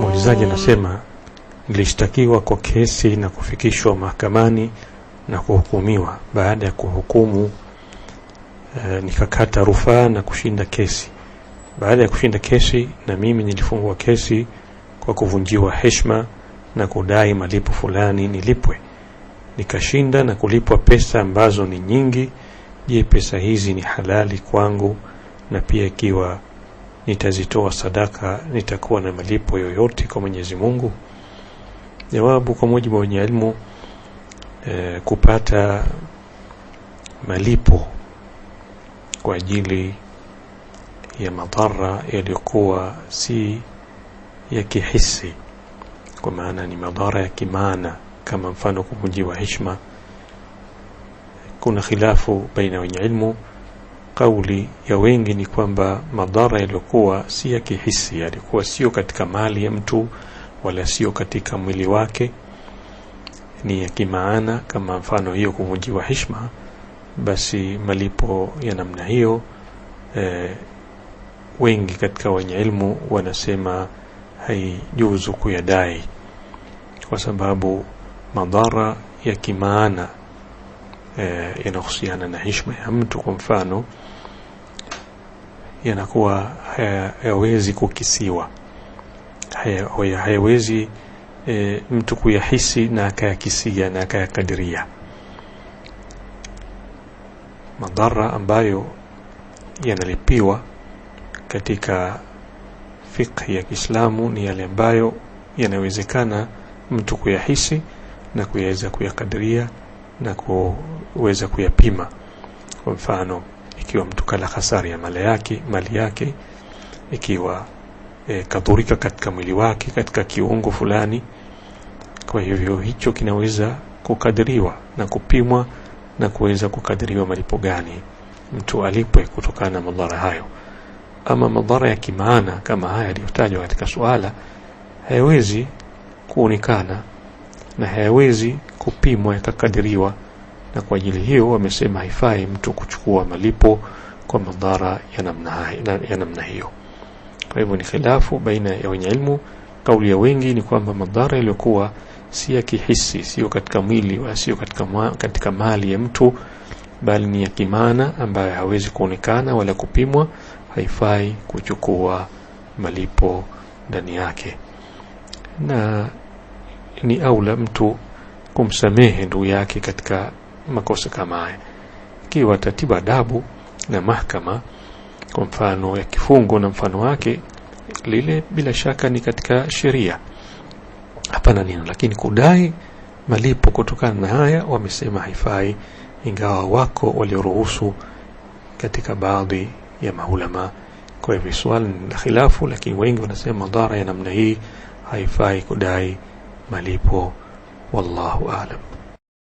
Muulizaji anasema nilishtakiwa kwa kesi na kufikishwa mahakamani na kuhukumiwa. Baada ya kuhukumu e, nikakata rufaa na kushinda kesi. Baada ya kushinda kesi, na mimi nilifungua kesi kwa kuvunjiwa heshima na kudai malipo fulani nilipwe. Nikashinda na kulipwa pesa ambazo ni nyingi je pesa hizi ni halali kwangu na pia ikiwa nitazitoa sadaka nitakuwa na malipo yoyote kwa Mwenyezi Mungu jawabu kwa mujibu wa wenye elimu e, eh, kupata malipo kwa ajili ya madhara yaliyokuwa si ya kihisi kwa maana ni madhara ya kimaana kama mfano kuvunjiwa heshima kuna khilafu baina wenye ilmu. Kauli ya wengi ni kwamba madhara yaliyokuwa si ya kihisi, yalikuwa sio katika mali ya mtu wala sio katika mwili wake, ni ya kimaana. Kama mfano hiyo kuvunjiwa hishma basi malipo ya namna hiyo e, wengi katika wenye ilmu wanasema haijuzu kuyadai, kwa sababu madhara ya kimaana eh, yanahusiana na heshima ya mtu kwa mfano yanakuwa hayawezi kukisiwa hayawezi e, mtu kuyahisi na akayakisia na akayakadiria madhara ambayo yanalipiwa katika fikhi ya Kiislamu ni yale ambayo yanawezekana mtu kuyahisi na kuyaweza kuyakadiria na kuweza kuyapima. Kwa mfano, ikiwa mtu kala hasari ya mali yake, mali yake ikiwa e, kadhurika katika mwili wake katika kiungo fulani, kwa hivyo hicho kinaweza kukadiriwa na kupimwa na kuweza kukadiriwa malipo gani mtu alipwe kutokana na madhara hayo. Ama madhara ya kimaana kama haya yaliyotajwa katika suala hayawezi kuonekana na hayawezi kupimwa yakakadiriwa na kwa ajili hiyo wamesema haifai mtu kuchukua malipo kwa madhara ya namna, ya namna hiyo kwa hivyo ni khilafu baina ya wenye ilmu kauli ya wengi ni kwamba madhara yaliyokuwa si ya kihisi sio katika mwili wala sio katika, ma, katika mali ya mtu bali ni ya kimana ambayo hawezi kuonekana wala kupimwa haifai kuchukua malipo ndani yake na ni aula mtu kumsamehe ndugu yake katika makosa kama haya ikiwa tatiba adabu na mahakama kwa mfano ya kifungo na mfano wake lile bila shaka ni katika sheria hapana neno lakini kudai malipo kutokana na haya wamesema haifai ingawa wako walioruhusu katika baadhi ya maulama kwa hivyo swali ni khilafu lakini wengi wanasema madhara ya namna hii haifai kudai malipo والله أعلم